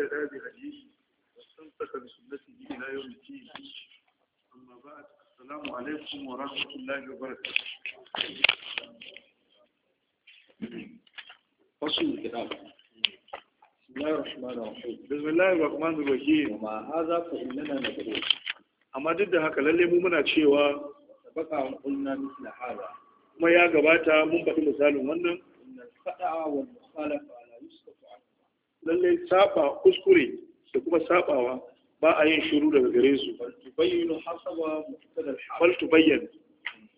اهتدى بهديه واستمسك بسنته الى يوم الدين اما بعد السلام عليكم ورحمه الله وبركاته فصل الكتاب بسم الله الرحمن الرحيم amma duk da haka lalle mu muna cewa baka kunna misla hada kuma ya gabata mun faɗi misalin wannan fada wal lalle saba kuskure da kuma sabawa ba a yin shiru daga gare su bal tu tubayyan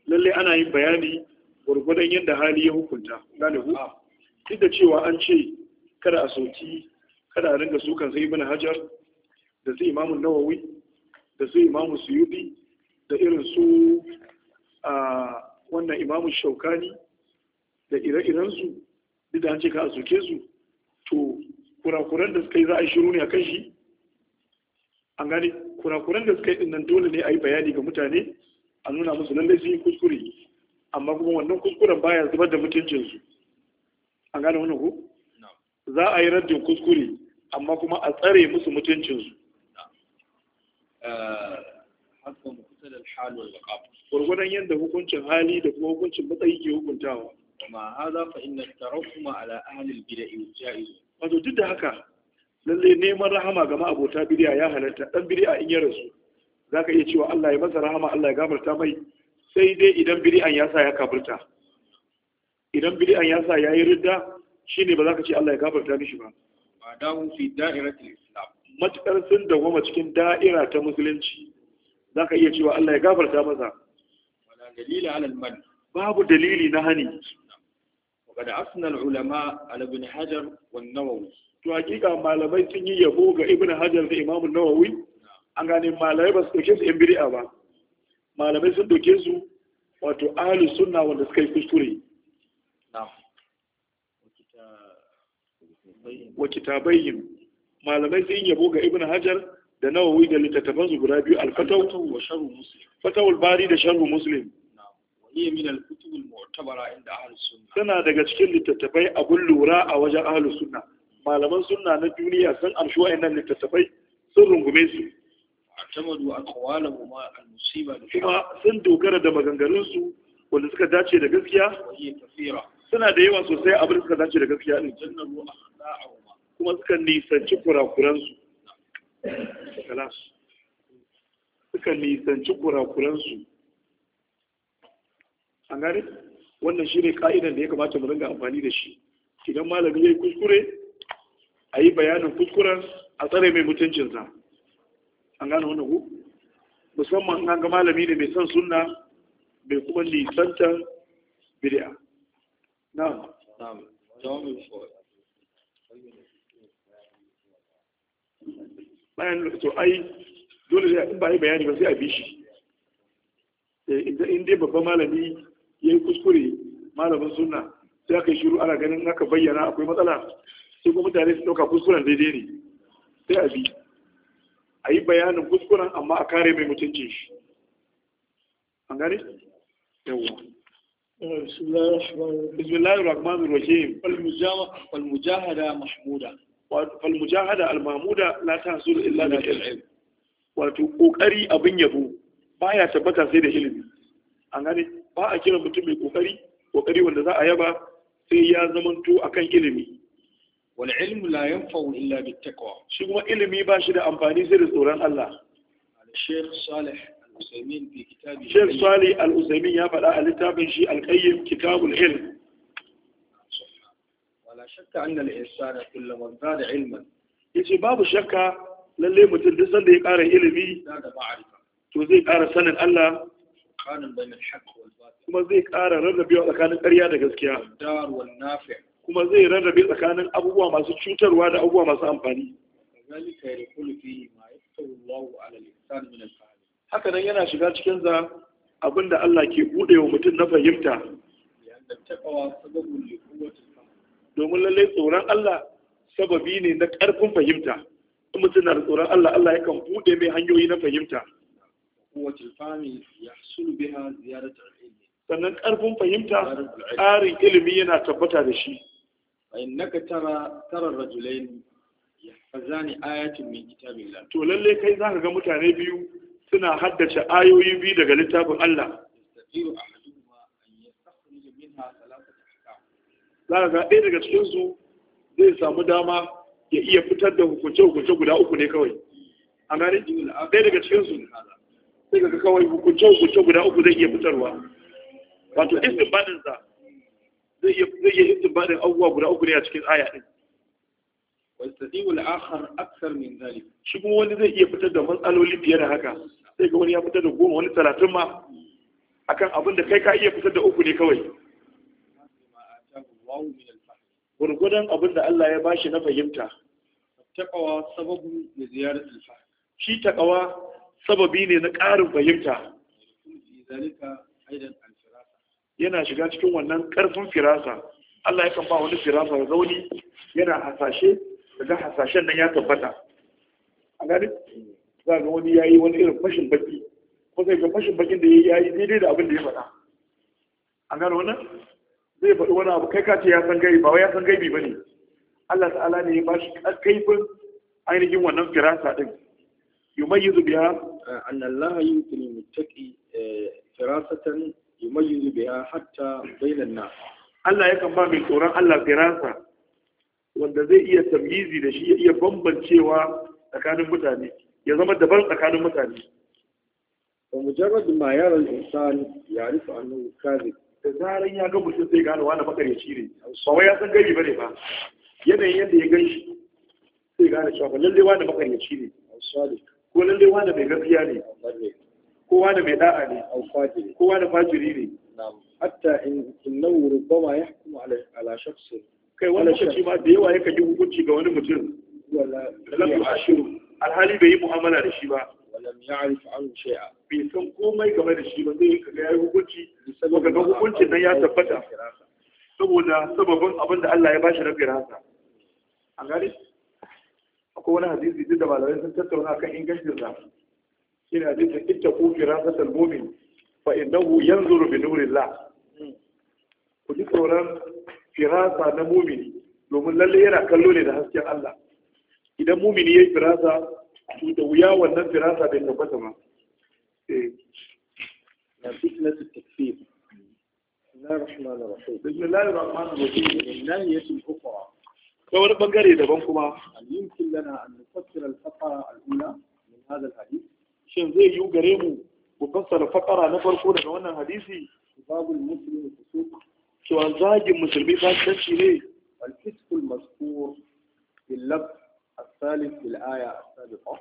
lalle ana yin bayani gwargwadon yadda hali ya hukunta gane ku ah. duk da cewa an ce kada a soki kada a ringa sukan sai ibn hajar da su imamu nawawi da su imamu suyudi da irin su a wannan imamu shaukani da ire-irensu duk da an ce ka a soke su to kurakuran da suka yi za a yi shiru ne a kan shi an gane kurakuran da suka yi dinnan dole ne a yi bayani ga mutane a nuna musu lallai sun yi kuskure amma kuma wannan kuskuren baya zubar da mutuncinsu an gane wani ku za a yi raddin kuskure amma kuma a tsare musu mutuncinsu eh, gwargwadon yadda hukuncin hali da kuma hukuncin matsayi ke hukuntawa ma haza fa inna tarahuma ala ahli al-bid'ah jaiz wato duk da haka lalle neman rahama ga ma'abota bidiya ya halarta dan bidiya in ya rasu ka iya cewa Allah ya masa rahama Allah ya gafarta mai sai dai idan bidi'an ya sa ya kafirta idan bidi'an ya sa ya yi ridda shine ba za ka ce Allah ya gafarta mishi ba ba dawo fi da'iratul islam matakar sun dawoma cikin da'ira ta musulunci za ka iya cewa Allah ya gafarta masa wala dalila alal man babu dalili na hani وقد أثنى العلماء على Hajar حجر والنووي to hakika malamai sun yi yabo ga ibn hajar da imam nawawi an gane malamai ba su dauke su yan bid'a ba malamai sun dauke su wato ahli sunna wanda suka yi kuskure wa kitabayyin malamai sun yabo ga ibn hajar da nawawi da littattafan su guda biyu al-fataw wa sharh muslim fatawul bari da sharh muslim Suna daga cikin littattafai abun lura a wajen ahlus sunna malaman suna na duniya sun amshi nan littattafai sun rungume su atamadu aqwalahum al-musiba kuma sun dogara da maganganunsu wanda suka dace da gaskiya suna da yawa sosai abin suka dace da gaskiya ne. kuma suka nisanci kurakuransu suka nisanci kurakuransu an gane wannan shi ne ka'idan da ya kamata mu ringa amfani da shi idan malami ya yi kuskure a yi bayanin kuskuren a tsare mai mutuncinsa an gane wannan ku musamman an ga malami ne mai son sunna mai kuma nisantar bid'a na bayan to ai dole in ba yi bayani ba sai a bi shi eh, in dai babban malami ya yi kuskure malamin sunna sai aka yi shiru ana ganin aka bayyana akwai matsala sai kuma mutane su ɗauka kuskuren daidai ne sai a bi a yi bayanin kuskuren amma a kare mai mutunci shi an gane? yawwa bismillahir rahmanir rahim fal mujahada mahmuda fal mujahada al mahmuda la tahsul illa bil ilm wato kokari abin yabo baya tabbata sai da ilimi an gane ba a kiran mutum mai kokari kokari wanda za a yaba sai ya zamanto akan ilimi wal ilmu la yanfa'u illa bit taqwa shi kuma ilimi ba shi da amfani sai da tsoron Allah Sheikh Saleh Al-Usaimin fi kitabi Sheikh Saleh Al-Usaimin ya faɗa a littafin shi Al-Qayyim Kitabul Ilm wala shakka anna al-insana kullama zada ilman yace babu shakka lalle mutum duk sanda ya ƙara ilimi to zai ƙara sanin Allah kuma zai ƙara rarrabewa tsakanin ƙarya da gaskiya kuma zai rarrabe tsakanin abubuwa masu cutarwa da abubuwa masu amfani haka nan yana shiga cikin za abinda Allah ke bude wa mutum na fahimta domin lallai tsoron Allah sababi ne na ƙarfin fahimta in mutum na da tsoron Allah Allah yakan bude mai hanyoyi na fahimta quwwatil fahmi yahsul biha ziyarar al sannan karfin fahimta ƙarin ilimi yana tabbata da shi innaka tara tara rajulain yahfazani ayatin min kitabillah to lalle kai zaka ga mutane biyu suna haddace ayoyi biyu daga littafin Allah zaka ga ɗaya daga cikin su zai samu dama ya iya fitar da hukunce hukunce guda uku ne kawai a gane ɗaya daga cikin su sai ga kawai hukunce-hukunce guda uku zai iya fitarwa wato istibadinsa zai iya istibadin abubuwa guda uku ne a cikin aya ɗin wastadiyu al'akhar aksar min zalik shi kuma wani zai iya fitar da matsaloli fiye da haka sai ga wani ya fitar da goma wani talatin ma akan abin da kai ka iya fitar da uku ne kawai gurgudan abin da Allah ya bashi na fahimta taqwa sababu li ziyarar fahm shi takawa sababi ne na ƙarin fahimta yana shiga cikin wannan ƙarfin firasa Allah ya kan ba wani firasa da zauni yana hasashe daga hasashen nan ya tabbata a gani za ga wani yayi wani irin fashin baki ko sai ga fashin bakin da ya yi daidai da abin da ya faɗa a gani wannan zai faɗi wani abu kai kace ya san gaibi ba wai ya san gaibi ne. Allah ta'ala ne ya bashi kaifin ainihin wannan firasa din yumayyizu biha anna Allah yutil muttaqi firasatan yumayyizu biha hatta bainan nas Allah yakan ba mai tsoron Allah firasa wanda zai iya tamyizi da shi ya iya bambancewa tsakanin mutane ya zama daban tsakanin mutane wa mujarrad ma yara al-insan ya'rifu annahu kadhib da zaran ya ga mutum sai gane wani makaryaci ne ba ya san gari bane ba yanayin yadda ya gan shi sai gane cewa lalle wani shi ne ko lalle wanda mai gaskiya ne kowa da mai da'a ne kowa da fajiri ne hatta innahu rubbama yahkumu ala ala shakhs kai wani lokaci ma da yawa yakan yi hukunci ga wani mutum lam yu'ashiru alhali bai yi mu'amala da shi ba lam ya'rif anhu shay'a bai san komai game da shi ba zai kaga yayi hukunci Ba ga hukuncin nan ya tabbata saboda sababin abin da Allah ya bashi na firasa a gare ko wani hadisi duk da malamai sun tattauna kan ingancin sa shine hadisin ittaqu firasatal mu'min fa innahu yanzuru bi nurillah ku ji tsoron firasa na mumini domin lalle yana kallo ne da hasken Allah idan mumini ya yi firasa to da wuya wannan firasa bai tabbata ba بسم الله الرحمن الرحيم بسم الله الرحمن الرحيم الناهية الأخرى ta wani bangare daban kuma yankin lana an nufassir al-faqara al-ula min hadha al-hadith shin zai yiwu gare mu mu fassara faqara na farko daga wannan hadisi Musulmi da fusuq cewa zagin musulmi fasikanci ne al-fisq al-mazkur bil lab al-thalith bil aya as-sabiqa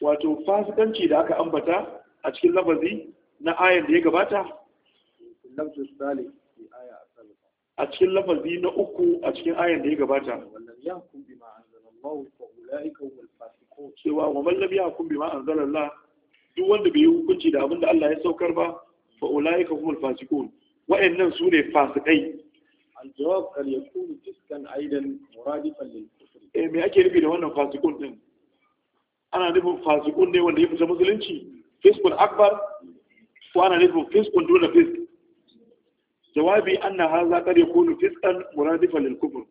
wato fasikanci da aka ambata a cikin lafazi na ayan da ya gabata lafzul thalith a cikin lafazi na uku a cikin ayan da ya gabata cewa wa man lam yahkum bima anzalallah duk wanda bai yi hukunci da abin da Allah ya saukar ba fa ulaika humul fasiqun wa'annan su ne fasikai al-jawab kal yakun fiskan aidan muradifan lil kufr eh me ake nufi da wannan fasikun din ana nufin fasikun ne wanda ya fita musulunci fiskun akbar ko ana nufin fiskun dole fisk jawabi anna haza qad yakunu fisqan muradifan lil kufr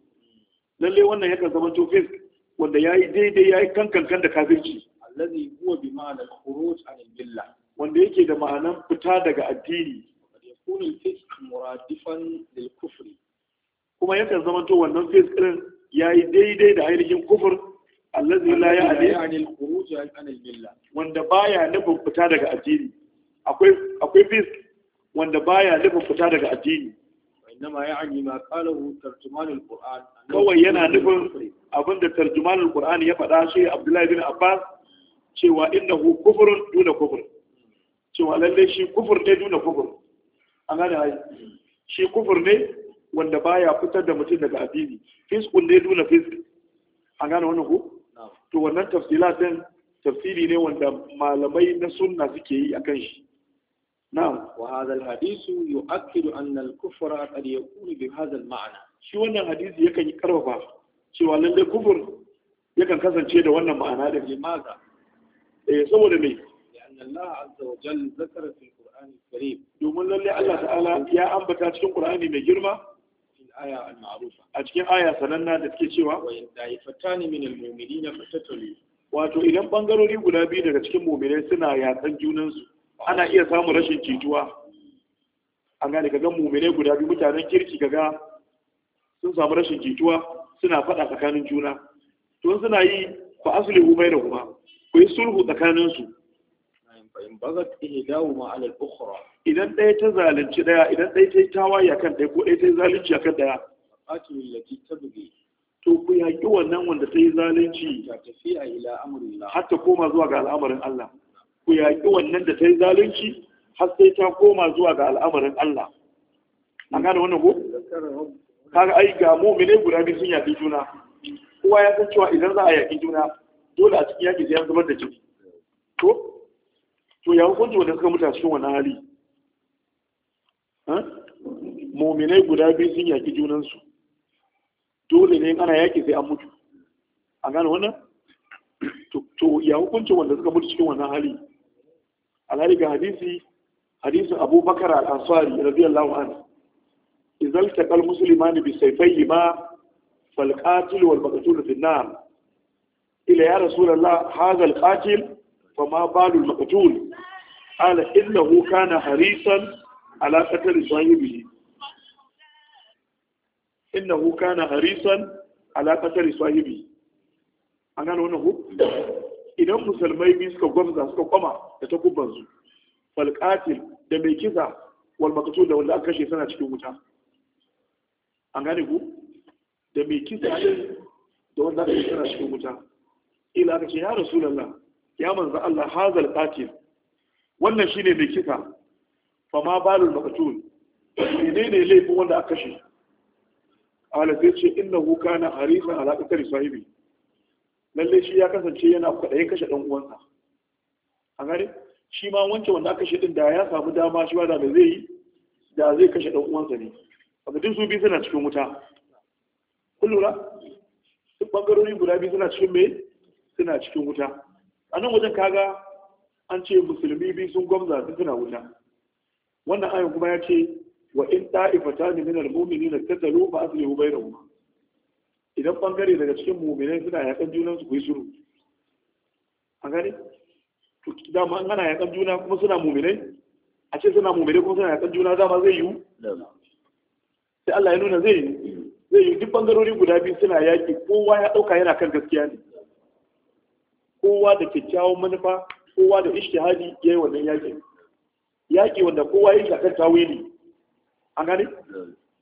lalle wannan yakan zama to fisk wanda yayi daidai yayi kankankan da kafirci allazi huwa bi ma'anal khuruj an al wanda yake da ma'anan fita daga addini ya al fisk muradifan lil kufr kuma yakan zama to wannan fisk din yayi daidai da ainihin kufur allazi la ya'ni al-khuruj an al wanda baya nufin fita daga addini akwai akwai fisk wanda baya nufin fita daga addini ma tarjumanul qur'an kawai yana nufin abinda tarjumanul qur'an ya faɗa shi Abdullahi bin Abbas cewa innahu kufrun duna kufr cewa lalle shi kufur ne duna kufur an gane ai shi kufur ne wanda baya fitar da mutum daga addini fiskun ne duna fisk an gane wannan ku to wannan tafsila din tafsiri ne wanda malamai na sunna suke yi akan shi Now, wahazal hadisu yu akidu annal kufura kad yakunu bi hazal ma'ana. Shi wannan hadisi yakan yi karfafa cewa nan dai kufur yakan kasance da wannan ma'ana da ke maza. Eh saboda me? Ya'anna Allah azza wa jalla zakara fil Qur'ani karim. Domin lalle Allah ta'ala ya ambata cikin Qur'ani mai girma aya al-ma'rufa. A cikin aya sananna da take cewa wa yadai fatani min al-mu'minina fatatali. Wato idan bangarori guda biyu daga cikin mu'minai suna yatsan junansu ana iya samun rashin cituwa an gane gan mumine guda biyu mutanen kirki kaga sun samu rashin cituwa suna faɗa tsakanin juna to suna yi fa da huma. ku yi sulhu tsakanin idan ɗaya ta zalunci ɗaya, idan ɗaya ta yi a kan ɗaya, ko ɗaya ta yi zalunci kan ɗaya. tabghi to ku yaƙi wannan wanda ta yi zalunci ta tafiya ila amrillah hatta koma zuwa ga al'amarin Allah ku yaƙi wannan da ta yi zalunci har sai ta koma zuwa ga al'amarin Allah an gane wannan ko kaga ai ga mu'mine guda biyu sun yaƙi juna kowa ya san cewa idan za a yaƙi juna dole a cikin yaƙi sai an zubar da ciki. to to ya hukunci wanda suka mutu a cikin wannan hali mu'mine guda biyu sun yaƙi junansu dole ne ana yaƙi sai an mutu an gane wannan to ya hukunci wanda suka mutu cikin wannan hali alhari ga hadisi hadisin Abu Bakar al-Ansari radiyallahu anhu idan taqal muslimani bi sayfayhima fal qatil wal maqtul fi an-nar ila ya rasulullah hadha al qatil fama balu al maqtul qala innahu kana harisan ala qatl sahibihi innahu kana harisan ala qatl sahibihi an gano wannan idan musulmai biyu suka gwamza suka kwama da takubansu falƙatil da mai kisa wal maqtul da wanda aka kashe sana cikin wuta an gane ku da mai kisa da wanda aka kashe sana cikin wuta ila ka ce ya rasulullah ya manzo Allah hazal qatil wannan shine mai kisa fa ma balul maqtul menene laifin wanda aka kashe ala sai ce innahu kana harisan ala qatl sahibi lalle shi ya kasance yana kwaɗayin kashe ɗan uwansa a gani shi ma wance wanda aka shi ɗin da ya samu dama shi ba da zai yi da zai kashe ɗan uwansa ne abu duk su biyu suna cikin wuta kun lura duk ɓangarori guda biyu suna cikin mai suna cikin wuta a nan wajen kaga an ce musulmi biyu sun gwamza duk suna wuta wannan ayin kuma ya ce wa in ta'ifata ne min al-mu'minina tatalu fa aslihu bainahuma idan bangare daga cikin mu'minai suna yakan junan su ku suru A gani, dama an gana yakan juna kuma suna mu'minai a ce suna mu'minai kuma suna yakan juna dama zai yiwu sai Allah ya nuna zai yi zai duk bangarori guda biyu suna yaki kowa ya dauka yana kan gaskiya ne kowa da kyakkyawan manufa kowa da ishtihadi yi wannan yakin yaƙi wanda kowa ya yi akan tawili A gani,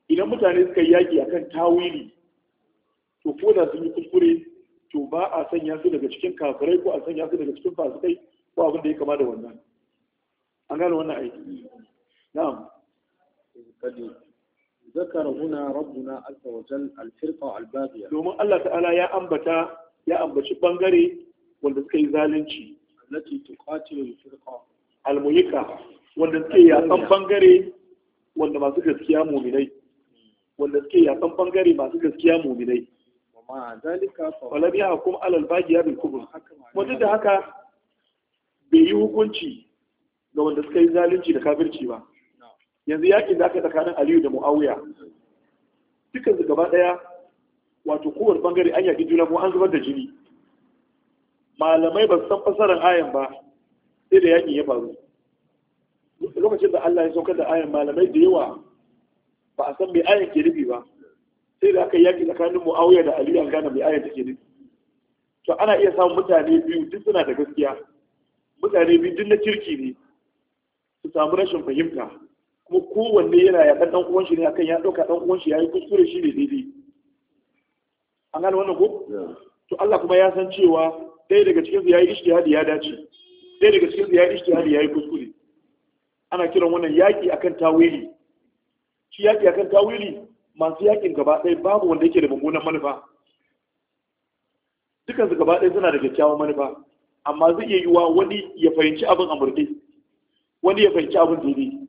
idan mutane suka yi yaƙi akan tawili to ko da sun yi kuskure to ba a sanya su daga cikin kafirai ko a sanya su daga cikin fasikai ko abin da ya kama da wannan an gane wannan aiki na'am ذكر هنا ربنا عز وجل الفرقة الباغية domin Allah ta'ala ya ambata ya ambaci bangare wanda suka yi zalunci allati tuqatilu al-firqa al-mulika wanda suke yakan bangare wanda masu gaskiya muminai wanda suke yakan bangare masu gaskiya muminai walam ya hukum alal bagiya bil kubur kuma duk da haka bai yi hukunci ga wanda suka yi zalunci da kafirci ba yanzu yakin da aka tsakanin aliyu da muawiya dukkan su gaba daya wato kowar bangare an yaki juna ko an zubar da jini malamai ba su san fasarar ayan ba sai da yakin ya faru lokacin da Allah ya saukar da ayan malamai da yawa ba a san mai ayan ke rufi ba sai da aka yaki tsakanin mu'awiya da Aliyu an gane mai ayar take nufi to ana iya samun mutane biyu duk suna da gaskiya mutane biyu duk na kirki ne su samu rashin fahimta kuma kowanne yana yakan ɗan uwan shi ne akan ya ɗauka ɗan uwan shi yi kuskure shi ne daidai an gane wannan ko to Allah kuma ya san cewa ɗaya daga cikin yi yayi ijtihadi ya dace ɗaya daga cikin su yayi ya yi kuskure ana kiran wannan yaki akan tawili shi yaki akan tawili masu yakin gaba ɗaya babu wanda yake da mummunan manufa dukan su gaba ɗaya suna da kyakkyawan manufa amma zai iya yiwa wani ya fahimci abin amurɗe wani ya fahimci abin daidai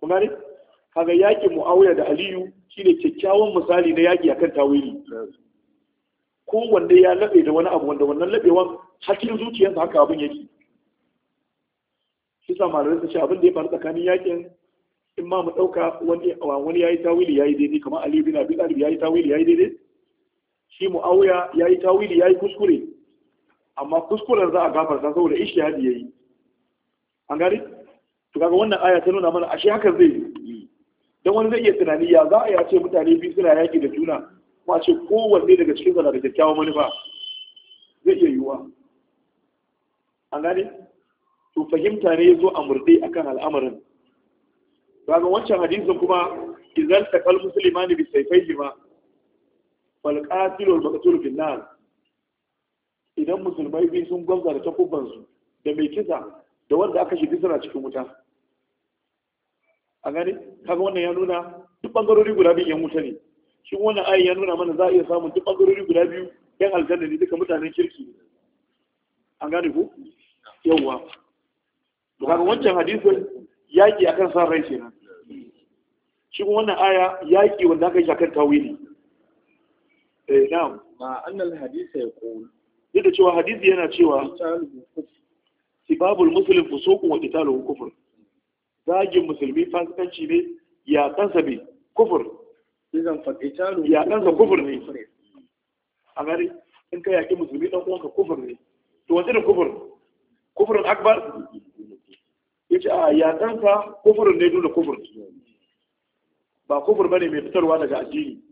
kuma ne kaga yakin mu'awiya da aliyu shine kyakkyawan misali na yaki akan tawili ko wanda ya laɓe da wani abu wanda wannan laɓewan hakin zuciyarsa haka abin yake shi sa malamai su ce abin da ya faru tsakanin yakin in ma mu ɗauka wani ya yi tawili ya yi daidai kamar Ali bin Abi Talib ya yi tawili ya yi daidai shi Muawiya ya yi tawili ya yi kuskure amma kuskuren za a gafarta saboda ya yayi an gani to kaga wannan aya ta nuna mana ashe haka zai yi dan wani zai iya tunani ya za a ya ce mutane biyu suna yaki da juna kuma ce kowanne daga cikin sana da kyakkyawan manufa zai iya yiwuwa an gani to fahimta ne ya zo a murde akan al'amarin kaga wancan hadisin kuma idan taqal ne bi sayfayhima fal qatil wal maqtul fil nar idan musulmai biyu sun gwamza ta takubban su da mai kisa da wanda aka shi suna cikin wuta a gani kaga wannan ya nuna duk bangarori guda biyu yan wuta ne Shin wannan ayin ya nuna mana za a iya samun duk bangarori guda biyu yan aljanna ne duka mutanen kirki an gane ku yawwa kaga wancan hadisin yaki akan san rai kenan shi kuma wannan aya yaƙi wanda aka yi shakar tawili eh na'am ma annal hadisi ya qul duk da cewa hadisi yana cewa sibabul muslim fusuqun wa qitaluhu kufr zagin musulmi fasikanci ne ya kansa bi kufur idan fa qitaluhu ya kansa kufur ne a gari in ka yaƙi musulmi dan uwanka kufur ne to wace da kufur kufurun akbar yace a ya kansa kufurun ne dole kufur ba kufur bane mai fitarwa daga addini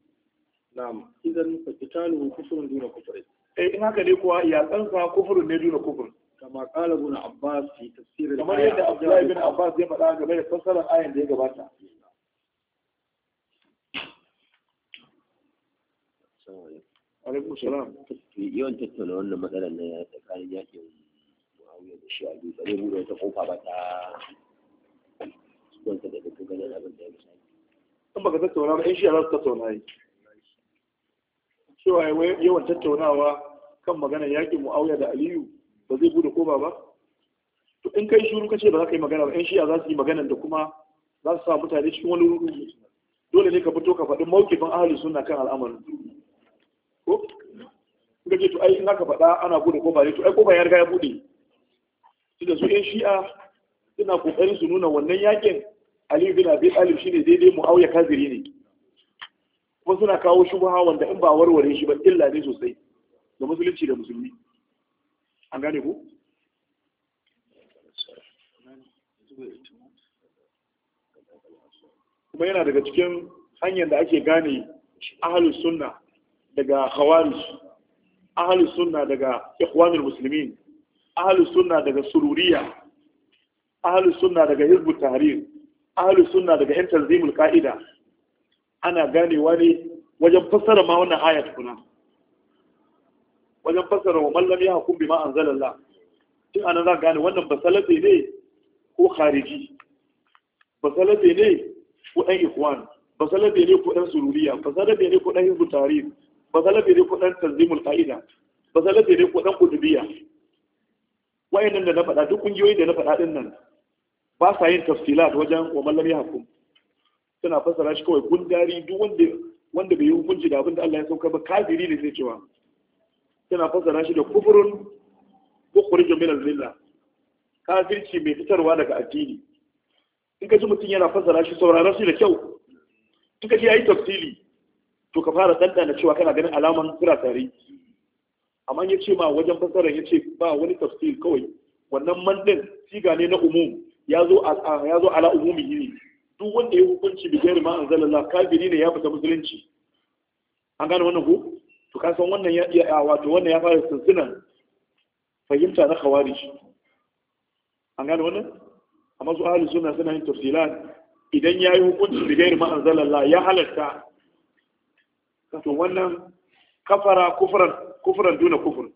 na'am idan fitalu kufurun duna kufur eh in haka ne kuwa ya tsansa kufurun ne duna kufur kama qala ibn abbas fi tafsir kamar yadda abdullahi ibn abbas ya faɗa game da fassarar ayan da ya gabata alaikum salam yawan tattauna wannan matsalar na tsakanin yakin muawiya da shi a dutse ne bude wata kofa ba ta wanda da duk ganin abin da ya in baka tattauna ba in shi za su tattauna yi cewa yawan tattaunawa kan magana yaƙin mu'awiya da aliyu ba zai bude koma ba to in kai shuru kace ba za ka yi magana ba in shiya za su yi magana da kuma za su sa mutane cikin wani rudu dole ne ka fito ka faɗi mawkifin ahli sunna kan al'amarin ko in ka ce to ai in aka faɗa ana bude kofa ne to ai kofa ya riga ya bude da su in shi'a suna kokarin su nuna wannan yaƙin Ali bin Abi Talib shine daidai Muawiya kafiri ne kuma suna kawo shubha wanda in ba warware shi ba illa ne sosai ga musulunci da musulmi an gane ku kuma yana daga cikin hanyar da ake gane ahalus sunna daga khawarij ahalus sunna daga ikhwanul muslimin ahalus sunna daga sururiya ahalus sunna daga hizbut tahrir ahli sunna daga hin tanzimul ka'ida ana ganewa ne wajen fassara ma wannan aya tukuna wajen fassara wa mallam ya hukum bi ma anzalallah tun ana za gane wannan basalafe ne ko khariji basalafe ne ko ɗan ikwan basalafe ne ko ɗan sururiya basalafe ne ko ɗan hizbut tarih basalafe ne ko ɗan tanzimul ka'ida basalafe ne ko ɗan kudubiya wayannan da na faɗa duk kungiyoyi da na faɗa din nan ba sa yin tafsilat wajen wa mallam ya hukum suna fassara shi kawai dari duk wanda wanda bai yi hukunci da abin da Allah ya sauka ba kafiri ne sai cewa suna fassara shi da kufurun kukhrijun min al-zilla kafirci mai fitarwa daga addini in ka ji mutum yana fassara shi sauraron shi da kyau in ka ji yayi tafsili to ka fara dandana cewa kana ganin alaman kira tare amma ya ce ma wajen fassara ya ce ba wani tafsir kawai wannan mandin siga ne na umum ya zo ala umumihi ne duk wanda ya hukunci bi gairi ma anzalallah kafiri ne ya fita musulunci an gane wannan ko to ka san wannan ya wato wannan ya fara sunsunan fahimta na khawarij an gane wannan amma su ahli sunna suna yin tafsilan idan yayi hukunci bi gairi ma anzalallah ya halarta to wannan kafara kufran kufran duna kufur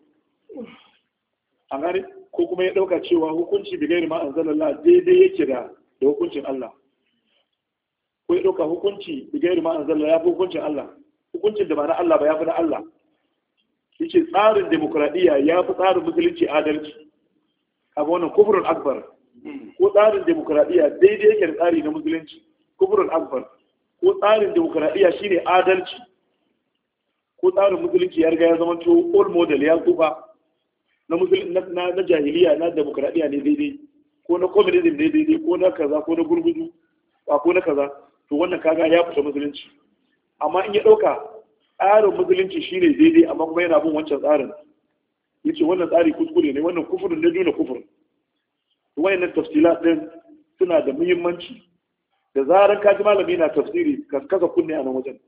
an gane ko kuma ya ɗauka cewa hukunci bi gairi ma anzalallah daidai yake da da hukuncin Allah ko ya ɗauka hukunci bi gairi ma anzalallah ya fi hukuncin Allah hukuncin da ba na Allah ba ya fi na Allah yace tsarin demokradiyya ya fi tsarin musulunci adalci kaga wannan kufrun akbar ko tsarin demokradiyya daidai yake da tsari na musulunci kufrun akbar ko tsarin demokradiyya shine adalci ko tsarin musulunci ya riga ya zama to all model ya tsufa na na jahiliya na demokradiya ne daidai ko na communism ne daidai ko na kaza ko na gurgudu ba ko na kaza to wannan kaga ya fita musulunci amma in ya dauka tsarin musulunci shine daidai amma kuma yana bin wancan tsarin yace wannan tsari kuskure ne wannan kufurin ne juna kufur. to wayannan tafsila din suna da muhimmanci da zarar ka ji malami na tafsiri ka kasa kunne a nan wajen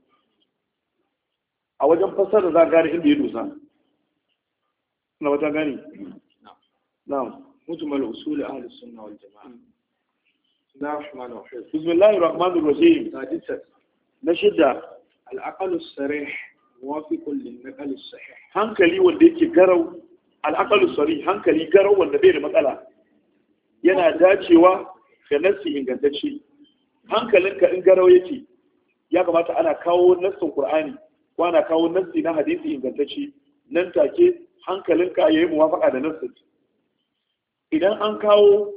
a wajen fassara za ka gane inda ya dosa na wata gani na'am mujmal usul ahli sunna wal jamaa bismillahir rahmanir rahim na shidda al aqal sarih muwafiqun lin naqal sahih hankali wanda yake garau al aqal sarih hankali garau wanda bai da matsala yana dacewa da nassi ingantacce hankalinka in garau yake ya kamata ana kawo nassin qur'ani ko ana kawo nassi na hadisi ingantacce nan take hankalinka ya yi muwafaka da nassin idan an kawo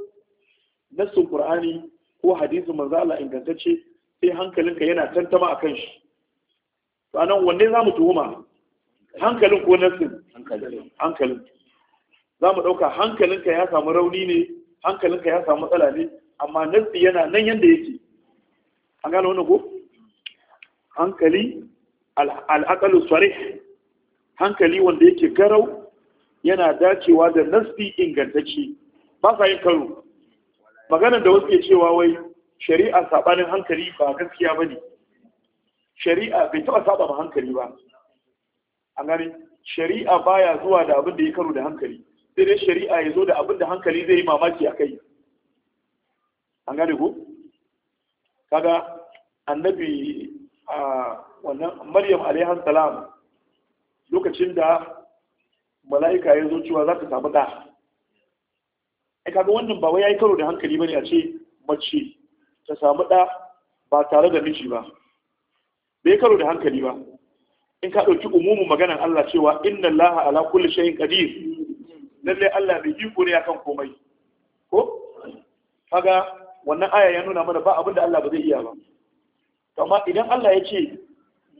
nassin qur'ani ko hadisi manzo Allah ingantacce sai hankalinka yana tantama akan shi to anan wanne zamu tuhuma hankalin ko nassin hankalin za mu ɗauka hankalinka ya samu rauni ne hankalinka ya samu matsala ne amma nassi yana nan yadda yake an gano wannan ko hankali al al'aƙalu sarih hankali wanda yake garau yana dacewa da nasbi ingantacce ba sa yin karo maganar da wasu ke cewa wai shari'a sabanin hankali ba gaskiya ba ne shari'a bai taɓa saba ma hankali ba an gani shari'a baya zuwa da abin da ya karo da hankali sai dai shari'a ya zo da abin da hankali zai yi mamaki a kai an gane ko kaga annabi a wannan maryam alaihi salam lokacin da mala'ika ya zo cewa za ta samu ɗa ai kaga wannan ba wai yi karo da hankali bane a ce mace ta samu ɗa ba tare da miji ba bai karo da hankali ba in ka ɗauki umumin maganar Allah cewa inna Laha, ala kulli shay'in qadir lalle Allah bai iko ne akan komai ko kaga wannan aya ya nuna mana ba abin da Allah ba zai iya ba amma idan Allah ya ce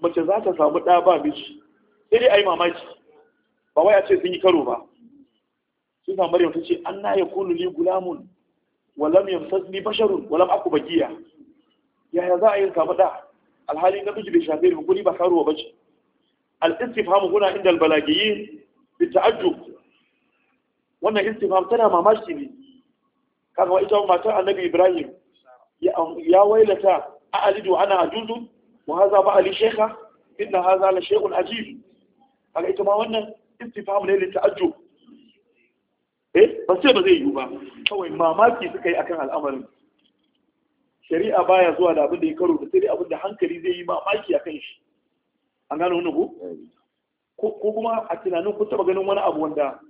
mace za ta samu ɗa ba miji sai dai a yi mamaki ba wai a ce sun yi karo ba sun samu maryam ta ce an na ya kunu li gulamun walam yamsasni basharun walam aku bagiya yaya za a yi samu da alhali na miji bai shafe ni ba karuwa ba ce al kuna inda al-balagiyin bi ta'ajjub wannan istifam tana mamaki ne kaga ita matar annabi ibrahim ya wailata a alidu ana ajuzu wa haza ba ali sheka? inna haza la shay'un ajib kaga ita ma wannan istifham ne da ta'ajjub eh ba sai ba zai yiwu ba kawai mamaki suka yi akan al'amarin shari'a baya zuwa da abin da ya karo da sai dai abin da hankali zai yi mamaki akan shi an gano wannan ko ko kuma a tunanin kun taba ganin wani abu wanda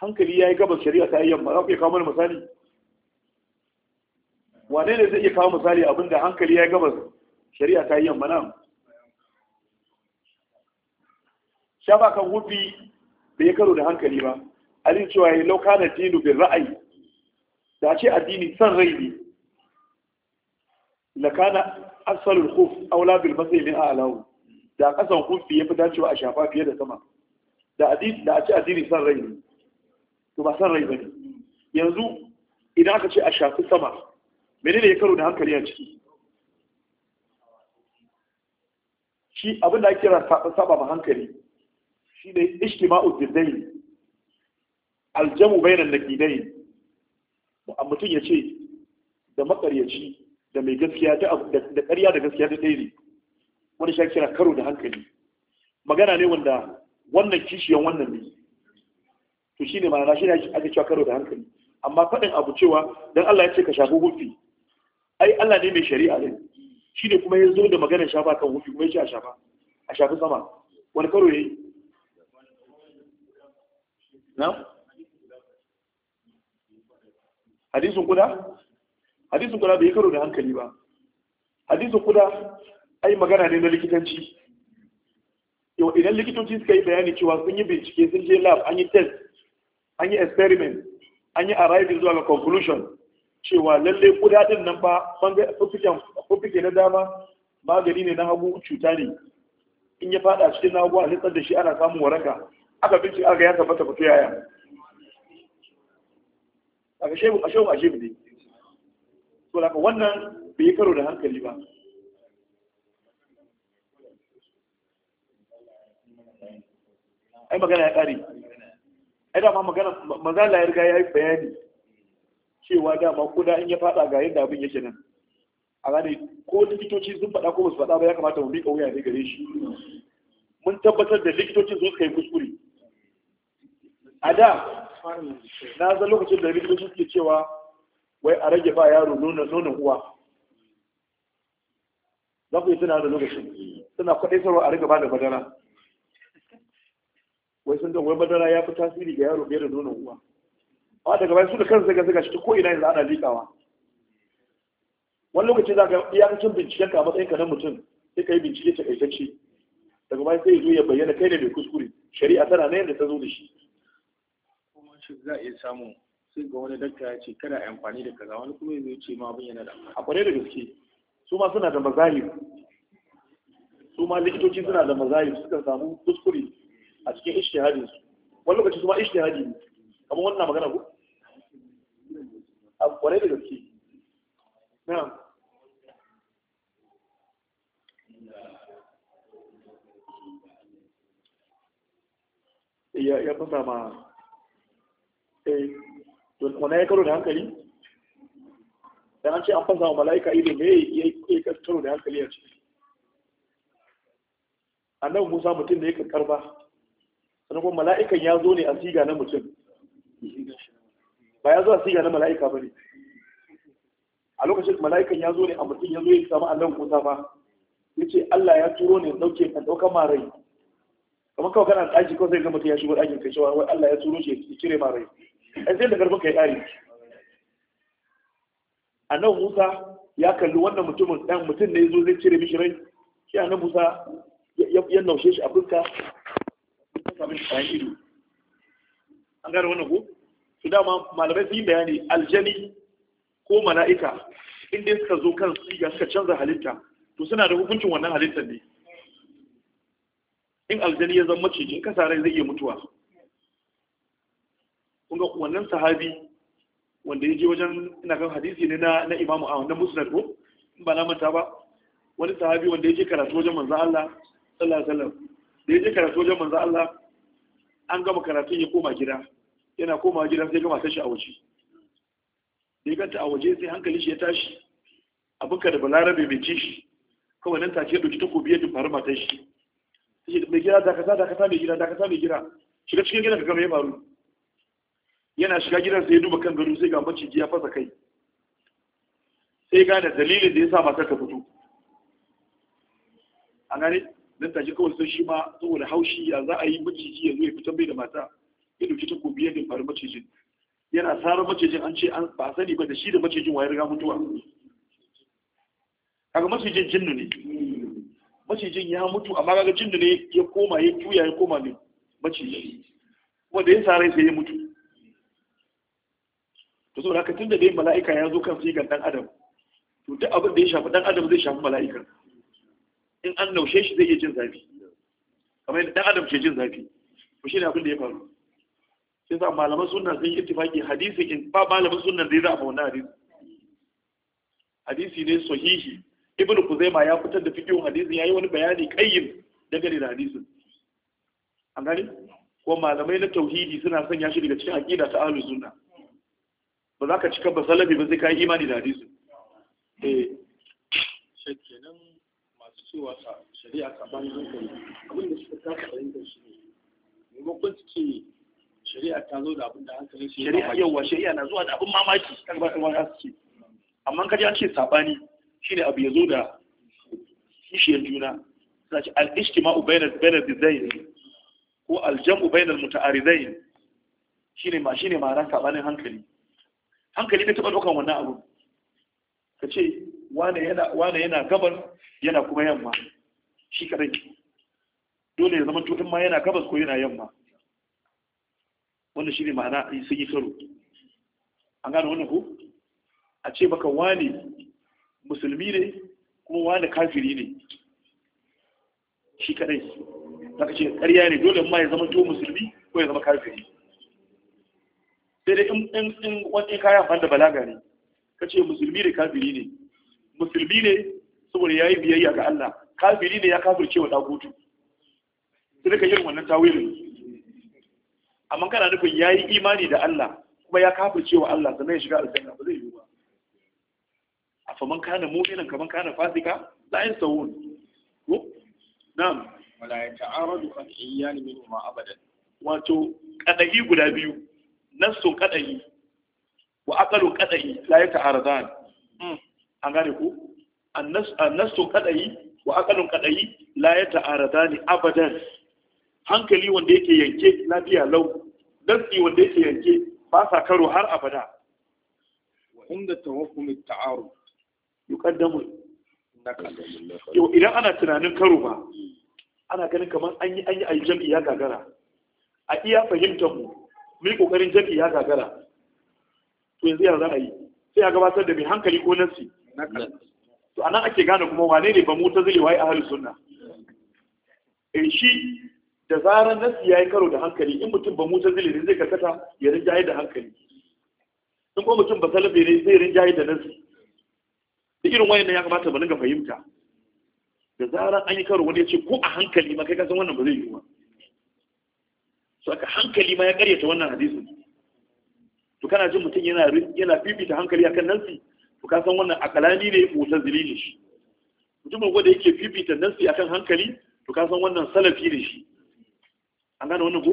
hankali ya yi gaba shari'a ta yi yamma za ku iya kawo mana misali wane ne zai iya kawo misali abin da hankali ya yi gaba shari'a ta yi yamma na'am shafa kan hufi da ya karo da hankali ba alin cewa ya lauka na dinu bin ra'ayi da ce addini san rai ne lakana asalul khuf aula bil min a'lahu da kasan ya fi dacewa a shafa fiye da sama da addini da a ce addini san rai ne to ba san rai bane yanzu idan aka ce a shafi sama menene ya karo da hankali a ciki shi abin da ake kira saba ma hankali shi ne ishtima'u diddai aljamu bainan nakidai a mutum ya ce da makaryaci da mai gaskiya da ƙarya da gaskiya da ɗaya ne wani shi kira karo da hankali magana ne wanda wannan kishiyan wannan ne to shine ma'ana shi ne ake cewa karo da hankali amma faɗin abu cewa don Allah ya ce ka shafi hufi ai Allah ne mai shari'a ne shi ne kuma ya zo da magana shafa kan hufi kuma ya ce a shafa a shafi sama wani karo ne. na kuda hadisin kuda bai karo da hankali ba hadisin kuda ai magana ne na likitanci yau idan likitoci suka yi bayani cewa sun yi bincike sun je lab an yi test an yi experiment an yi arrival zuwa ga conclusion cewa lalle din nan ba fuffuke na dama magani ne na hagu cuta ne in ya fada cikin na hagu a nitsar da shi ana samun waraka aka binci aka ya tabbata ku A aka shehu a shehu a shehu ne to da wannan bai yi karo da hankali ba ai magana ya kare ai dama magana manzala ya riga ya yi bayani cewa dama ko da in ya fada ga yadda abin yake nan a gane ko likitoci sun faɗa ko ba su faɗa ba ya kamata mu miƙa wuya ne gare shi mun tabbatar da likitocin su suka yi kuskure a da na zan lokacin da likitoci suke cewa wai a rage ba yaro nonon uwa za ku yi tuna da lokacin suna kwaɗai sarwa a rage ba da madara wai sun da wai madara ya fi tasiri ga yaro biyar da nonon uwa amma daga bayan su da kansu zaga zaga shi ko ina yanzu ana liƙawa wani lokacin za ka iyakacin binciken ka a matsayin ka na mutum sai ka yi bincike takaitacce daga bayan sai ya zo ya bayyana kai ne mai kuskure shari'a tana na yadda ta zo da shi za a iya samun sai ga wani dakta ya ce kada a amfani da kaza wani kuma ya ce ma abin yana da a kwarai da gaske su ma suna da mazahir su ma likitoci suna da mazahir suka samu kuskure a cikin ishtihadin su wani lokaci su ma ishtihadi ne kamar wannan magana ku a kwarai da gaske na'am ya fasa ma eh wannan ya karo da hankali dan an ce an fasa wa mala'ika ido me ya karo da hankali a ciki annabi Musa mutum ne ya karba sannan kuma mala'ikan ya zo ne a siga na mutum ba ya zo a siga na mala'ika ba ne a lokacin mala'ikan ya zo ne a mutum ya zo ya samu annabi Musa ba ya ce Allah ya turo ne dauke kan dauka marai kamar kawai kana ɗaki ko sai ga mutum ya shigo ɗakin kai cewa wai Allah ya turo shi ya cire marai an sai da ka kai ari a nan musa ya kalli wannan mutumin ɗan mutum ne zo zai cire mishi rai shi a nan musa ya naushe shi a fuska ya sami shi kayan ido an gane wannan ko su dama malamai sun yi bayani aljani ko mala'ika inda suka zo kan siga suka canza halitta to suna da hukuncin wannan halittar ne in aljani ya zama cikin in kasa rai zai iya mutuwa Kunga wannan sahabi wanda ya je wajen ina kan hadisi ne na na Imam Ahmad na Musnad ko in ba na manta ba wani sahabi wanda ya je karatu wajen manzo Allah sallallahu alaihi wasallam da ya je karatu wajen manzo Allah an gama karatun ya koma gida yana komawa gida sai gama tashi a waje da ya ganta a waje sai hankali shi ya tashi abinka da balarabe bai ci shi kawai nan take ya ɗauki takobi ya dubbari matan shi mai gida dakata dakata mai gida dakata mai gida shiga cikin gida ka gama ya faru yana shiga gidansa ya duba kan gado sai ga maciji ya fasa kai sai gane dalilin da ya sa matar ta fito a gane nan tashi kawai sai shi ma saboda haushi ya za a yi maciji ya zo ya fitan bai da mata ya dauki takobi ya faru macijin yana sarar macijin an ce an ba sani ba da shi da macijin ya riga mutuwa kaga macijin jinnu ne macijin ya mutu amma kaga jinnu ne ya koma ya tuya ya koma ne maciji kuma da ya sare sai ya mutu to saboda haka tunda dai mala'ika ya zo kan sigar dan adam to duk abin da ya shafi dan adam zai shafi mala'ika in an naushe shi zai iya jin zafi kamar yadda dan adam ke jin zafi to shine abin da ya faru sai sa malaman sunna sun yi ittifaki hadisi in ba malamin sunna zai za a fauna hadisi hadisi ne sahihi ibn kuzaima ya fitar da fikihun hadisin yayi wani bayani kayyin dangane da hadisin an gani ko malamai na tauhidi suna sanya shi daga cikin aqida ta ahlus sunna ba za ka cika ba salafi ba sai ka yi imani da hadisi eh. shakkenan masu shari'a ta zo da abin da hankali shi shari'a na zuwa da abin mamaki kan amma kaji an ce Shi ne abu ya zo da kishiyar juna za ci al-ijtima'u bainal bainal ko al ma shine sabanin hankali hankali ka taɓa ɗaukan wannan abu ka ce wane yana gabar yana kuma yamma shi kadai dole ya zama tutun ma yana gabas ko yana yamma wannan shi ne ma'ana sun yi karo an gane wannan ko a ce baka wane musulmi ne kuma wane kafiri ne shi kadai zaka ce ƙarya ne dole ma ya zama to musulmi ko ya zama kafiri sai dai in in wani kayan amfani da balaga ne kace musulmi ne kafiri ne musulmi ne saboda yayi biyayya ga Allah kafiri ne ya kafirce wa dagutu sai ka yin wannan tawilin amma kana nufin yayi imani da Allah kuma ya kafirce wa Allah sannan ya shiga aljanna ba zai yi ba a man kana mu'minin kaman kana fasika la sawun ko na'am wala yata'aradu min ma abadan wato kadai guda biyu nassun kadai wa aqalu kadai la yata'aradan hmm. an gane ku annasu kadai wa aqalu kadai la yata'aradani abadan hankali wanda yake yanke lafiya lau dafi wanda yake yanke ba sa karo har abada wa inda tawaffum at-ta'arud yuqaddamu yau idan ana tunanin karo ba ana ganin kamar an yi an yi aljami ya gagara a iya fahimtar mu Mai kokarin jami'i ya gagara to yanzu ya za yi sai a gabatar da mai hankali ko nasi to anan ake gane kuma wane ne ba muta zile wai ahli sunna eh shi da zarar nasi yayi karo da hankali in mutum ba muta zile ne zai karkata ya rinjaye da hankali in ko mutum ba salafi ne zai rinjaye da nasi da irin wayannan ya kamata mu ga fahimta da zarar an yi karo wani ya ce ko a hankali ma kai ka san wannan ba zai yi ba saka hankali ma ya karyata wannan hadisin to kana jin mutum yana yana fifita hankali akan nansi to ka san wannan akalani ne mu'tazili ne shi mutumin wanda yake fifita nansi akan hankali to ka san wannan salafi ne shi an gane wannan ko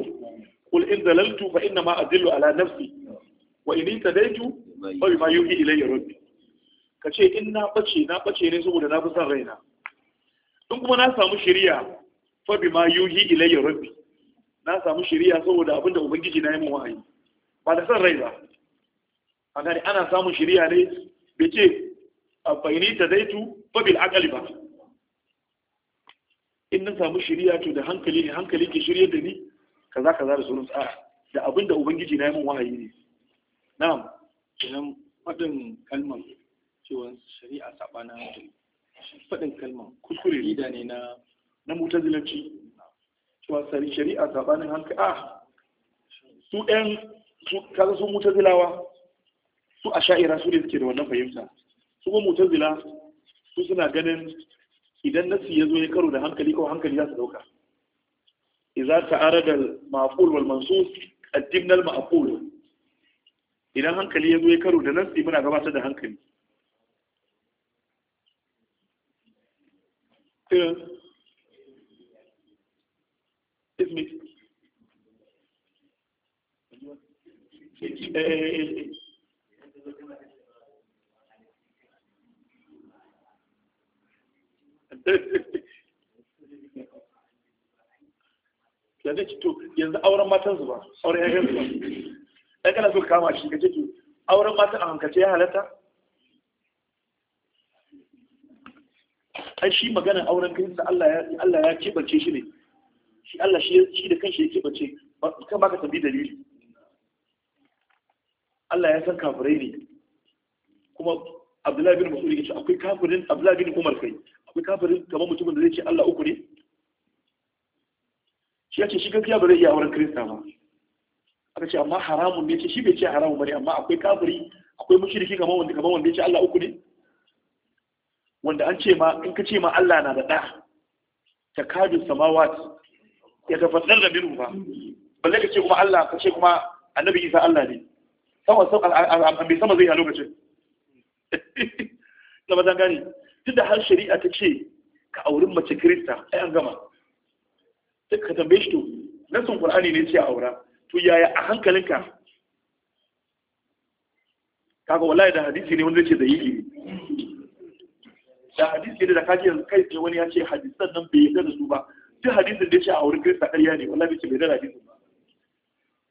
qul in dalaltu fa inna ma adillu ala nafsi wa in tadaitu fa bima yuhi ilayya rabbi kace in na bace na bace ne saboda na fi son raina in kuma na samu shari'a fa bima yuhi ilayya rabbi na samu shiriya saboda abin da ubangiji na yi min wahayi ba da san rai ba a gani ana samun shiriya ne bai ce a bayani ta zaitu fa bil akali ba in na samu shiriya to da hankali ne hankali ke shirya da ni kaza kaza da sunan tsara da abin da ubangiji na yi min wahayi ne na'am idan fadin kalmar cewa shari'a sabana fadin kalmar kuskure ne na na mutazilanci cewa sari shari'a sabanin hanka a ah, su ɗan kaza su zilawa su a sha'ira su ne suke da wannan fahimta su kuma zila su suna ganin idan nasi ya zo ya karo da hankali kawai hankali za su ɗauka idza ta'arada al-ma'qul wal mansus qaddimna al idan hankali ya zo ya karo da nasi muna gabatar da hankali ismi yanzu ki to yanzu auren matan zuba auren yayin zuba ai kana so kama shi ka kace to auren matan a hankace ya halatta ai shi maganar auren kirista Allah ya ce ya shi ne shi Allah shi da kanshi yake bace kan baka tambi dalili Allah ya san kafirai ne kuma Abdullahi bin Mas'ud yake akwai kafirin Abdullahi bin Umar kai akwai kafirin kamar mutumin da zai ce Allah uku ne shi yace shi gaskiya ba zai iya auren Kirista ba aka ce amma haramun ne ce shi bai ce haramun bane amma akwai kafiri akwai mushriki kamar wanda kamar wanda ya ce Allah uku ne wanda an ce ma in ka ce ma Allah na da da ta kajin samawat ya tafaddar da minhu ba balle ka ce kuma Allah ka ce kuma annabi Isa Allah ne sama sama bai sama zai a lokacin na ba gani da har shari'a ta ce ka aurin mace Kirista ai an gama duk ka tambaye shi to sun Qur'ani ne ce aura to yaya a hankalinka kaga wallahi da hadisi ne wanda yake da yi da hadisi ne da kaji yanzu kai sai wani ya ce hadisan nan bai yarda da su ba duk hadisin da ya a wurin kirista ƙarya ne wallahi ce bai da hadisin ba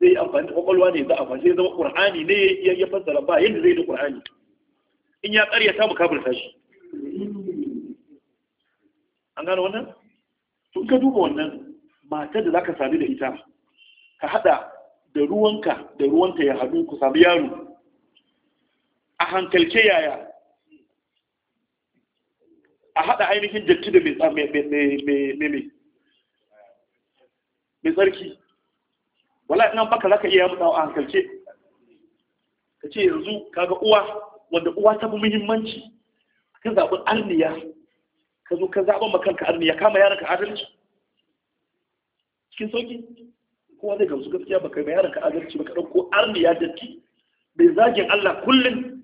zai amfani da kwakwalwa ne za a fashe zama ƙur'ani ne ya fassara ba yadda zai da ƙur'ani in ya ƙarya ta mu kafirta shi an gano wannan tun ka duba wannan matar da zaka sami da ita ka hada da ruwanka da ruwanta ya hadu ku sami yaro a hankalce yaya a hada ainihin datti da mai, mai mai mai mai tsarki wala ina baka zaka iya mutawa a hankalce ka ce yanzu kaga uwa wanda uwa ta fi muhimmanci ka zabi arniya ka zo ka zaɓa maka kanka arniya kama yaranka adalci cikin sauki kowa zai gamsu gaskiya baka ma yaranka adalci baka ɗauko arniya ki bai zagin Allah kullum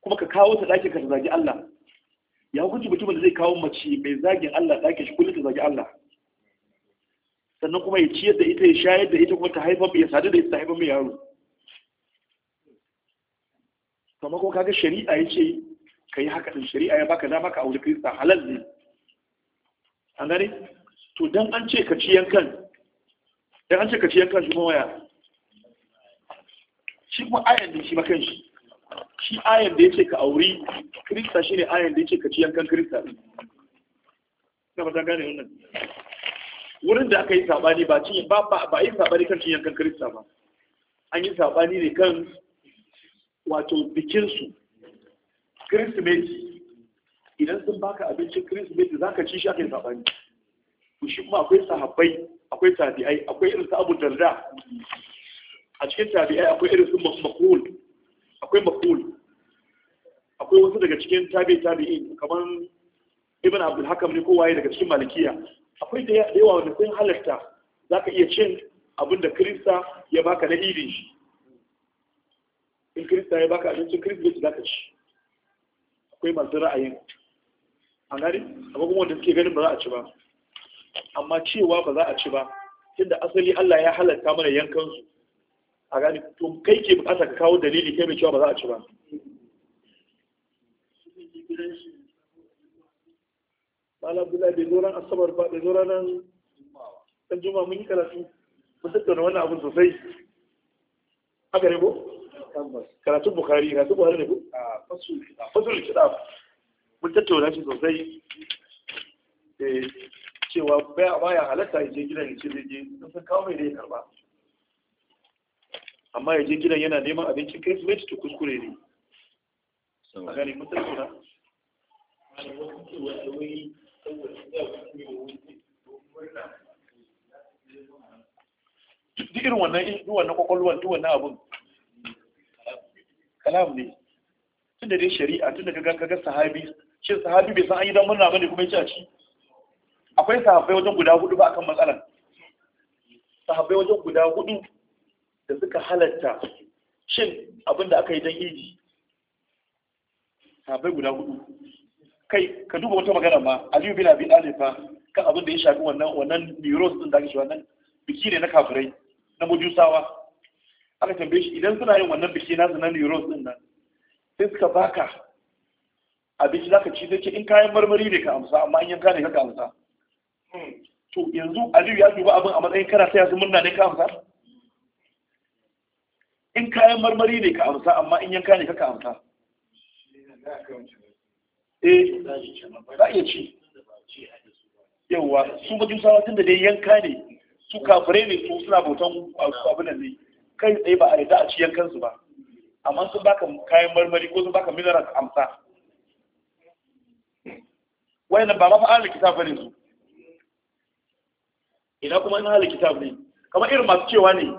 kuma ka kawo ta ɗakin ka zagi Allah ya hukunci mutumin da zai kawo mace mai zagin Allah ɗakin shi kullum ta zagi Allah sannan kuma ya ciyar da ita ya shayar da ita kuma ta haifar ya sadu da ita ta haifar mai yaro kuma ko kaga shari'a ya ce ka yi haka din shari'a ya baka dama ka aure kirista halal ne an gane to dan an ce ka ciyan kan dan an ce ka ciyan kan shi waya, shi kuma ayan da shi ma kanshi shi ayan da ce ka auri kirista shine ayan da yace ka ciyan kan kirista din na ba ta gane wannan wurin da aka yi sabani ba cin ba ba yi sabani kan cin yankan kirista ba an yi sabani ne kan wato bikin su idan sun baka abincin za ka ci shi aka yi sabani to shi kuma akwai sahabbai akwai tabi'ai akwai irin Abu Darda a cikin tabi'ai akwai irin su Makul akwai Makul akwai wasu daga cikin tabi'ai tabi'in kamar Ibn Abdul Hakam ne kowaye daga cikin Malikiya akwai da yawa wanda sun halarta za ka iya cin abin da kirista ya baka na irin shi in kirista ya baka abincin kirista za ka ci akwai masu ra'ayin a gari abu kuma wanda suke ganin ba za a ci ba amma cewa ba za a ci ba tunda asali Allah ya halarta mana yankansu a gani to kai ke bukatar ka kawo dalili kai mai cewa ba za a ci ba malam abdullahi bai zo ran asabar ba bai zo ranar dan juma mun yi karatu mun tattauna wannan abin sosai haka ne ko karatun bukari karatun buhari ne ko fasul kitab mun tattauna shi sosai eh, cewa baya halatta ya je gidan ya ce zai je sun kawo mai da ya karba amma ya je gidan yana neman abincin kirismeti to kuskure ne a gani mun tattauna Malam duk irin wannan duk wannan kwakwalwan duk wannan abun kalam ne tunda dai shari'a tunda kaga kaga sahabi shin sahabi bai san an yi don murna bane kuma ya yace a ci akwai sahabbai wajen guda hudu ba akan matsalan sahabbai wajen guda hudu da suka halatta shin da aka yi don idi sahabbai guda hudu kai ka duba wata magana ma aliyu bin abi talib fa kan abin da ya shafi wannan wannan neuros din da ake cewa nan biki ne na kafirai na mujusawa aka tambaye shi idan suna yin wannan biki na na neuros din nan sai suka baka abinci ka ci sai in kayan marmari ne ka amsa amma in yanka ne ka amsa hmm. to yanzu aliyu ya duba abin a matsayin kana sai san murna ne ka amsa in kayan marmari ne ka amsa amma in yanka ne ka amsa eh, eh za iya ce yawa su majusawa tun da dai yanka ne su kafirai ne su suna bautan abu nan ne kai tsaye ba a yarda a ci yankansu ba amma sun baka kayan marmari ko sun baka mineral ka amsa wayannan ba mafi ahalin kitab ne su ina kuma ina ahalin kitab ne kamar irin masu cewa ne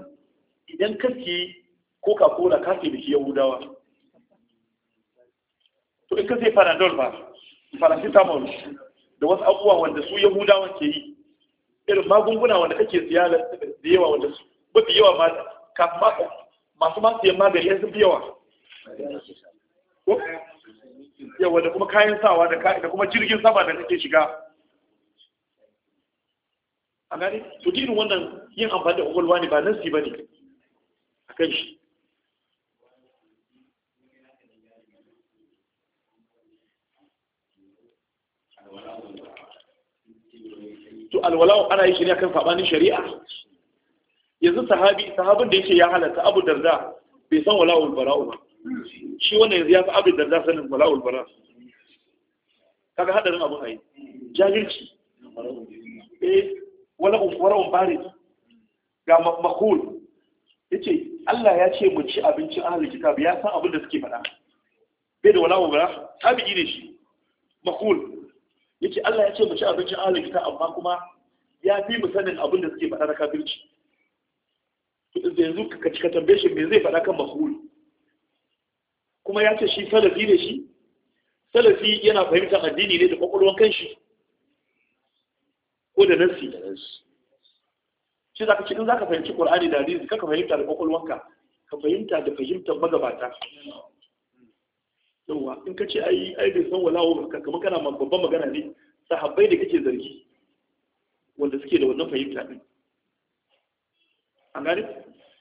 idan kake ko cola ka ke da yahudawa to in ka sai paradol ba paracetamol da wasu abubuwa wanda su Yahudawa ke yi irin magunguna wanda kake siya da yawa wanda su mafi yawa ma kafin masu masu siyan magani yanzu fi yawa yawa da kuma kayan sawa da kuma jirgin sama da kake shiga a gani to irin wannan yin amfani da kwakwalwa ne ba nan si ba ne a kan shi yanzu ana yi ne kan sabanin shari'a yanzu sahabi sahabin da yake ya halatta abu darda bai san wala ulbara'u ba shi wannan yanzu ya fi abu darda sanin wala ulbara kaga hadarin abu hayi jahilci eh wala ulbara'u bari ga makul yace Allah ya ce mu ci abincin ahlul kitab ya san abin da suke faɗa bai da wala ba tabi'i ne shi makul yace Allah ya ce mu ci abincin ahlul kitab amma kuma ya fi mu sanin abin da suke faɗa na kafirci yanzu ka tambaye shi me zai faɗa kan mahul kuma ya ce shi salafi ne shi salafi yana fahimtar addini ne da kwakwalwan kanshi ko da nasi da nasi shi za ka cikin za ka fahimci ƙwar'ani da hadisi ka fahimta da kwakwalwan ka fahimta da fahimtar magabata yauwa in ka ce ai ai bai san wala wa kamar kana babban magana ne sahabbai da kake zargi wanda suke da wannan fahimta din an gani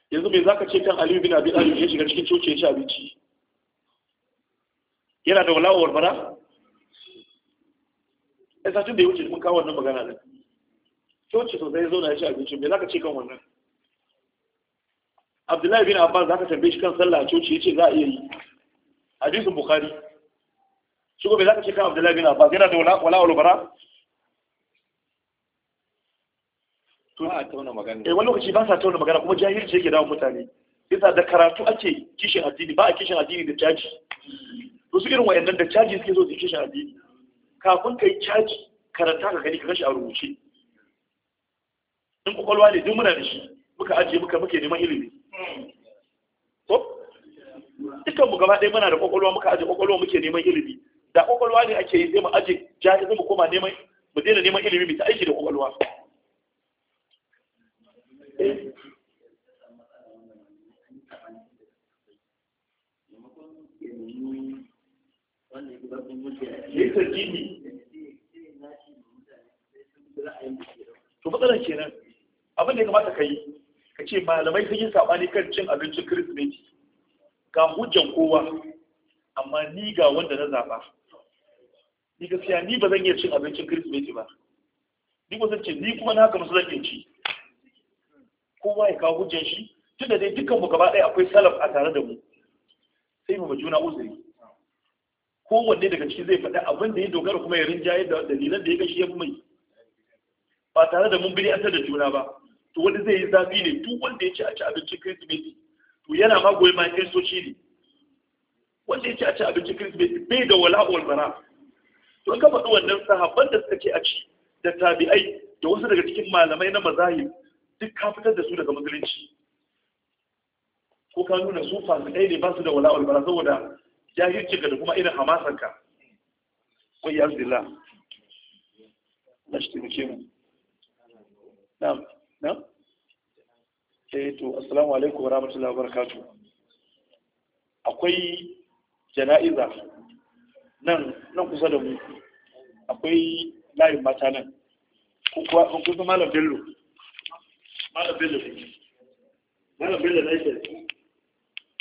yanzu mai zaka ce kan aliyu bin abi talib ya shiga cikin coci ya ci abinci yana da walawa warfara a satin da ya wuce mun kawo wannan magana da coci sosai zo na ya ci abinci mai zaka ce kan wannan abdullahi bin abbas zaka tambaye shi kan sallah a coci ya ce za a iya yi hadisin bukhari shi ko mai zaka ce kan abdullahi bin abbas yana da walawa warbara su a tauna magana eh wani lokaci ba sa tauna magana kuma jahilci yake dawo mutane yasa da karatu ake kishin addini ba a kishin addini da caji to su irin wayannan da caji suke zo su kishin addini kafin kai caji karanta ka gani ka kashi a rubuce in kwakwalwa ne duk muna da shi muka ajiye muka muke neman ilimi ko dukkan mu gaba ɗaya muna da kwakwalwa muka ajiye kwakwalwa muke neman ilimi da kwakwalwa ne ake yi sai mu ajiye jahilci mu koma neman mu daina neman ilimi mu ta aiki da kwakwalwa Tumatsalar gini. To matsalar kenan abin da ya kamata ka yi ka ce malamai sun yi saɓani kan cin abincin Kirsimeti ga hujjan kowa amma ni ga wanda na zaɓa. Ni gaskiya ni ba zan iya cin abincin Kirsimeti ba. Ni ba zan ce ni kuma na haka masu zan ci. kowa ya kawo hujjan shi tunda dai dukkan mu gaba ɗaya akwai salaf a tare da mu sai mu juna uzuri kowanne daga ciki zai faɗi abin da ya dogara kuma ya rinjaye da dalilan da ya gashi ya fi mai ba tare da mun bi biliyantar da juna ba to wani zai yi zafi ne duk wanda ya ci a ci abincin kirismeti. to yana ma goyi ma kiristoci ne wanda ya ci a ci abincin kirismeti bai da wala wal bara to ka faɗi wannan sahabban da suka ce a ci da tabi'ai da wasu daga cikin malamai na mazahib duk ka fitar da su daga musulunci ko ka nuna su fasikai ne ba su da wala'ul bara saboda ya hirce ka da kuma irin hamasar ka ko ya zilla. na shi taimake mu na'am na'am sai eh to assalamu alaikum warahmatullahi wabarakatuh akwai jana'iza nan nan kusa da mu akwai layin mata nan ko kuma malam bello malam bello malam bello na yake